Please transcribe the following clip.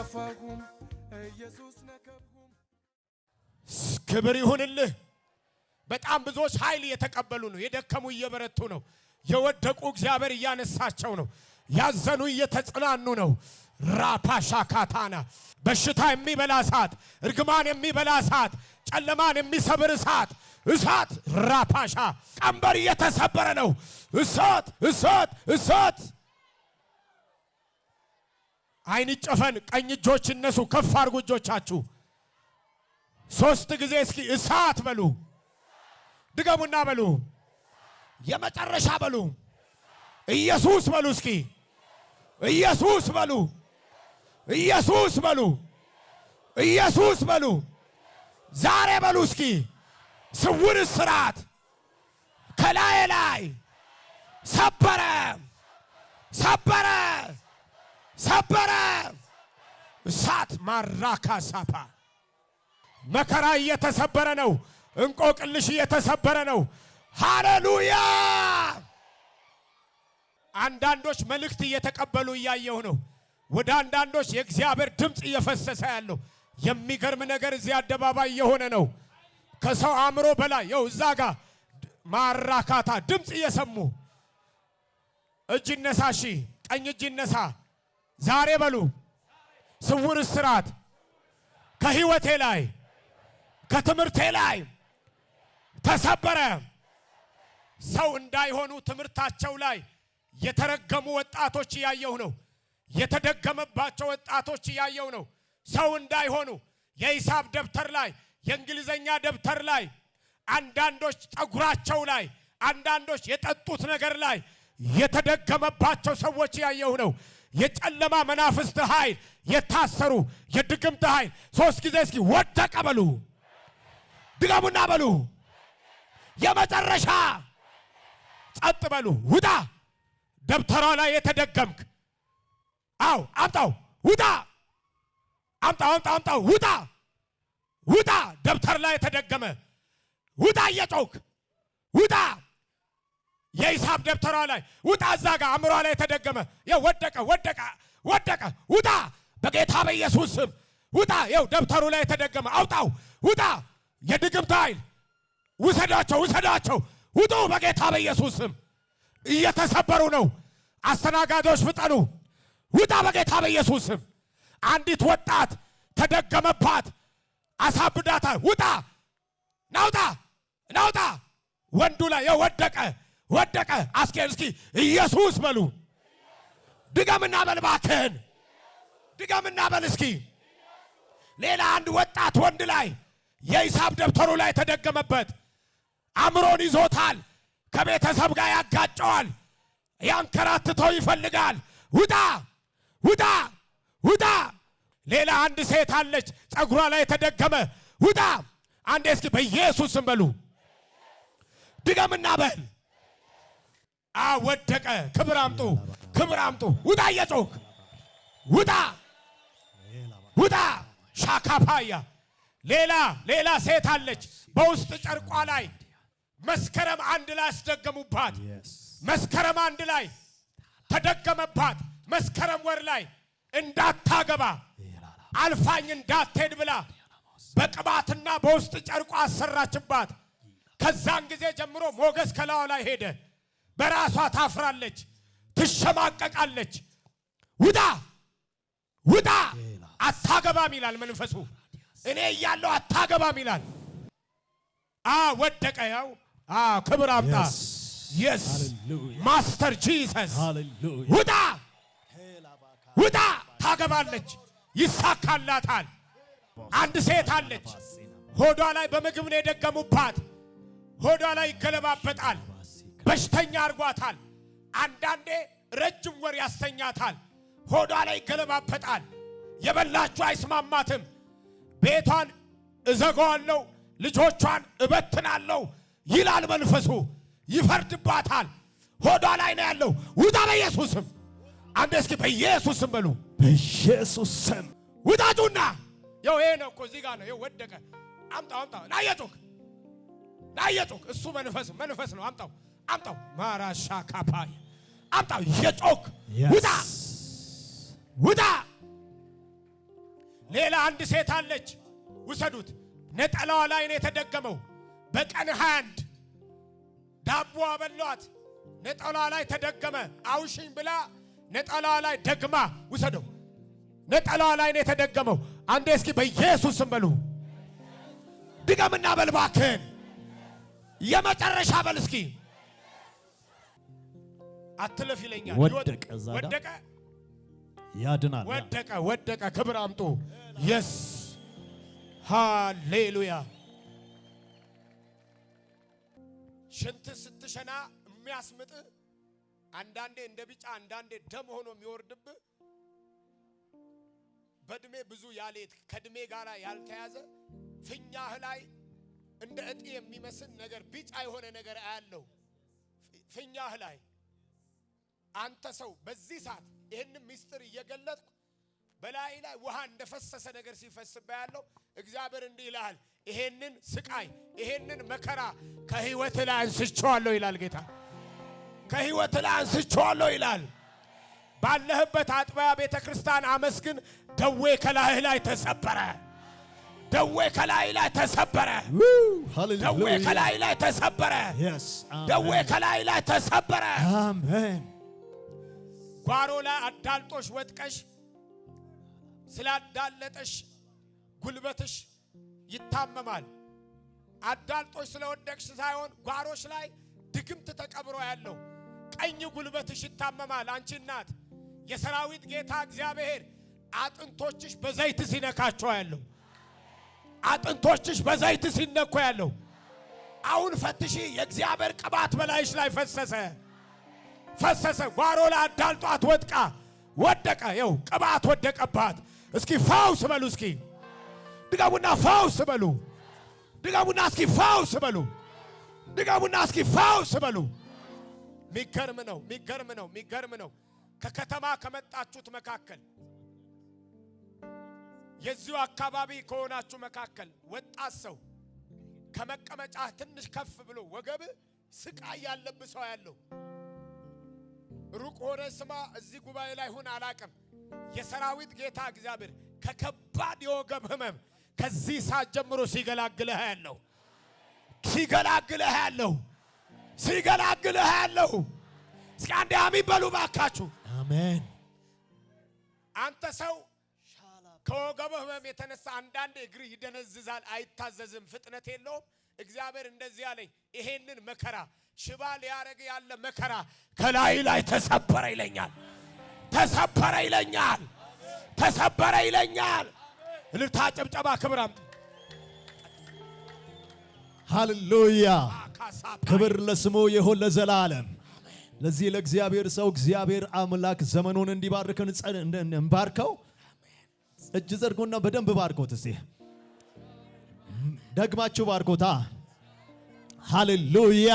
አልጠፋሁም። ኢየሱስ ነከብሁም። ክብር ይሁንልህ። በጣም ብዙዎች ኃይል እየተቀበሉ ነው። የደከሙ እየበረቱ ነው። የወደቁ እግዚአብሔር እያነሳቸው ነው። ያዘኑ እየተጽናኑ ነው። ራፓሻ ካታና በሽታ የሚበላ እሳት፣ እርግማን የሚበላ እሳት፣ ጨለማን የሚሰብር እሳት እሳት ራፓሻ ቀንበር እየተሰበረ ነው። እሳት እሳት እሳት አይን ጨፈን፣ ቀኝ እጆች እነሱ ከፍ አድርጉ እጆቻችሁ ሶስት ጊዜ እስኪ እሳት በሉ፣ ድገሙና በሉ፣ የመጨረሻ በሉ፣ ኢየሱስ በሉ፣ እስኪ ኢየሱስ በሉ፣ ኢየሱስ በሉ፣ ኢየሱስ በሉ፣ ዛሬ በሉ፣ እስኪ ስውር እስራት ከላይ ላይ ሰበረ፣ ሰበረ ሰበረ። እሳት ማራካ ሳፓ መከራ እየተሰበረ ነው። እንቆቅልሽ እየተሰበረ ነው። ሃሌሉያ! አንዳንዶች መልእክት እየተቀበሉ እያየሁ ነው። ወደ አንዳንዶች የእግዚአብሔር ድምፅ እየፈሰሰ ያለው የሚገርም ነገር እዚህ አደባባይ እየሆነ ነው። ከሰው አእምሮ በላይ የው እዛ ጋ ማራካታ ድምፅ እየሰሙ እጅ ይነሳ፣ ሺ ቀኝ እጅ ይነሳ ዛሬ በሉ ስውር እስራት ከህይወቴ ላይ ከትምህርቴ ላይ ተሰበረ። ሰው እንዳይሆኑ ትምህርታቸው ላይ የተረገሙ ወጣቶች እያየሁ ነው። የተደገመባቸው ወጣቶች እያየሁ ነው። ሰው እንዳይሆኑ የሂሳብ ደብተር ላይ፣ የእንግሊዘኛ ደብተር ላይ፣ አንዳንዶች ጠጉራቸው ላይ፣ አንዳንዶች የጠጡት ነገር ላይ የተደገመባቸው ሰዎች እያየሁ ነው። የጨለማ መናፍስት ኃይል የታሰሩ የድግምት ኃይል ሶስት ጊዜ እስኪ ወደቀ በሉ፣ ድገሙና በሉ። የመጨረሻ ጸጥ በሉ። ውጣ! ደብተራ ላይ የተደገምክ አው አምጣው! ውጣ! አምጣው! አምጣው! አምጣው! ውጣ! ውጣ! ደብተር ላይ የተደገመ ውጣ! እየጮክ ውጣ! የሂሳብ ደብተሯ ላይ ውጣ፣ እዛ ጋር አእምሯ ላይ ተደገመ። ይኸው ወደቀ፣ ወደቀ፣ ወደቀ። ውጣ፣ በጌታ በኢየሱስ ስም ውጣ። ይኸው ደብተሩ ላይ ተደገመ። አውጣው፣ ውጣ። የድግምት ኃይል ውሰዳቸው፣ ውሰዳቸው፣ ውጡ፣ በጌታ በኢየሱስ ስም። እየተሰበሩ ነው። አስተናጋጆች ፍጠኑ፣ ውጣ፣ በጌታ በኢየሱስ ስም። አንዲት ወጣት ተደገመባት፣ አሳብዳታ። ውጣ፣ ናውጣ፣ ናውጣ። ወንዱ ላይ የወደቀ ወደቀ። አስኬን እስኪ ኢየሱስ በሉ ድገምና በል እባክህን ድገምና በል እስኪ። ሌላ አንድ ወጣት ወንድ ላይ የሂሳብ ደብተሩ ላይ ተደገመበት። አእምሮን ይዞታል። ከቤተሰብ ጋር ያጋጨዋል። ያንከራትተው ይፈልጋል። ውጣ ውጣ ውጣ። ሌላ አንድ ሴት አለች፣ ጸጉሯ ላይ ተደገመ። ውጣ። አንዴ እስኪ በኢየሱስ ስም በሉ ድገምና በል አወደቀ። ክብር አምጡ፣ ክብር አምጡ። ውጣ እየጮክ ውጣ፣ ውጣ። ሻካፓያ ሌላ ሌላ ሴት አለች። በውስጥ ጨርቋ ላይ መስከረም አንድ ላይ አስደገሙባት። መስከረም አንድ ላይ ተደገመባት። መስከረም ወር ላይ እንዳታገባ አልፋኝ እንዳትሄድ ብላ በቅባትና በውስጥ ጨርቋ አሰራችባት። ከዛን ጊዜ ጀምሮ ሞገስ ከላዋ ላይ ሄደ። በራሷ ታፍራለች፣ ትሸማቀቃለች። ውጣ ውጣ፣ አታገባም ይላል መንፈሱ። እኔ እያለሁ አታገባም ይላል። አ ወደቀ። ያው አ ክብር አምጣ። የስ ማስተር ጂሰስ ውጣ ውጣ። ታገባለች፣ ይሳካላታል። አንድ ሴት አለች፣ ሆዷ ላይ በምግብ ነው የደገሙባት። ሆዷ ላይ ይገለባበጣል። በሽተኛ አርጓታል። አንዳንዴ ረጅም ወር ያስተኛታል። ሆዷ ላይ ገለባበጣል። የበላችሁ አይስማማትም። ቤቷን እዘጋዋለሁ፣ ልጆቿን እበትናለሁ ይላል መንፈሱ። ይፈርድባታል። ሆዷ ላይ ነው ያለው። ውጣ በኢየሱስ ስም! አንድ እስኪ በኢየሱስ ስም በሉ። በኢየሱስ ስም ውጣቱና፣ ያው ይሄ ነው እኮ እዚህ ጋር ነው። ይሄ ወደቀ። አምጣው፣ አምጣው፣ ናየጡክ፣ ናየጡክ። እሱ መንፈስ መንፈስ ነው። አምጣው አምጣው ማራሻ ካፓይ አምጣው የጮክ ውጣ ውጣ። ሌላ አንድ ሴት አለች፣ ውሰዱት። ነጠላዋ ላይ ነው የተደገመው። በቀን 21 ዳቦ አበሏት፣ ነጠላዋ ላይ ተደገመ። አውሽኝ ብላ ነጠላዋ ላይ ደግማ፣ ውሰደው። ነጠላዋ ላይ ነው የተደገመው። አንዴ እስኪ በኢየሱስ ስም በሉ፣ ድገምና በልባክን የመጨረሻ በል እስኪ አትለፍ ይለኛል። ወደቀ ወደቀ፣ ያድናል። ወደቀ ወደቀ። ክብር አምጡ። የስ ሃሌሉያ። ሽንት ስትሸና የሚያስምጥ አንዳንዴ እንደ ቢጫ አንዳንዴ ደም ሆኖ የሚወርድብ በእድሜ ብዙ ያሌት ከእድሜ ጋር ያልተያዘ ፊኛህ ላይ እንደ እጢ የሚመስል ነገር ቢጫ የሆነ ነገር አያለው ፊኛህ ላይ አንተ ሰው በዚህ ሰዓት ይህንም ምስጢር እየገለጥኩ በላይ ላይ ውሃ እንደፈሰሰ ነገር ሲፈስበ ያለው እግዚአብሔር እንዲህ ይልሃል፣ ይሄንን ስቃይ ይሄንን መከራ ከህይወት ላይ አንስቼዋለሁ ይላል ጌታ። ከህይወት ላይ አንስቼዋለሁ ይላል። ባለህበት አጥቢያ ቤተ ክርስቲያን አመስግን። ደዌ ከላይ ላይ ተሰበረ። ደዌ ከላይ ላይ ተሰበረ። ደዌ ከላይ ላይ ተሰበረ። ደዌ ከላይ ላይ ተሰበረ። አሜን። ጓሮ ላይ አዳልጦሽ ወጥቀሽ ስላዳለጠሽ ጉልበትሽ ይታመማል። አዳልጦሽ ስለወደቅሽ ሳይሆን ጓሮሽ ላይ ድግምት ተቀብሮ ያለው ቀኝ ጉልበትሽ ይታመማል። አንቺ እናት የሰራዊት ጌታ እግዚአብሔር አጥንቶችሽ በዘይት ሲነካቸው ያለው አጥንቶችሽ በዘይት ሲነኩ ያለው አሁን ፈትሺ። የእግዚአብሔር ቅባት በላይሽ ላይ ፈሰሰ። ፈሰሰ። ጓሮ ላይ አዳልጧት ወጥቃ ወደቀ። ይኸው ቅባት ወደቀባት። እስኪ ፈውስ በሉ። እስኪ ድጋቡና ፈውስ በሉ። ድገሙና እስኪ ፈውስ በሉ። ድገሙና እስኪ ፈውስ በሉ። ሚገርም ነው፣ ሚገርም ነው፣ ሚገርም ነው። ከከተማ ከመጣችሁት መካከል የዚሁ አካባቢ ከሆናችሁ መካከል ወጣት ሰው ከመቀመጫ ትንሽ ከፍ ብሎ ወገብ ስቃይ ያለብህ ሰው ያለው ሩቅ ሆነ ስማ፣ እዚህ ጉባኤ ላይ ሁን አላቅም። የሰራዊት ጌታ እግዚአብሔር ከከባድ የወገብ ህመም ከዚህ ሰዓት ጀምሮ ሲገላግልህ ያለው ሲገላግልህ ያለው ሲገላግልህ ያለው እስኪ አንድ አሚን በሉ ባካችሁ። አሜን። አንተ ሰው ከወገብ ህመም የተነሳ አንዳንድ እግር ይደነዝዛል፣ አይታዘዝም፣ ፍጥነት የለውም። እግዚአብሔር እንደዚህ አለኝ፣ ይሄንን መከራ ሽባ ሊያረግ ያለ መከራ ከላይ ላይ ተሰበረ ይለኛል። ተሰበረ ይለኛል። ተሰበረ ይለኛል። እልልታ፣ ጨብጨባ ክብር አምጥ። ሃሌሉያ! ክብር ለስሙ ይሁን ለዘላለም። ለዚህ ለእግዚአብሔር ሰው እግዚአብሔር አምላክ ዘመኑን እንዲባርከን እንባርከው። እጅ ዘርጎና በደንብ ባርኮት። እስቲ ደግማችሁ ባርኮታ። ሃሌሉያ!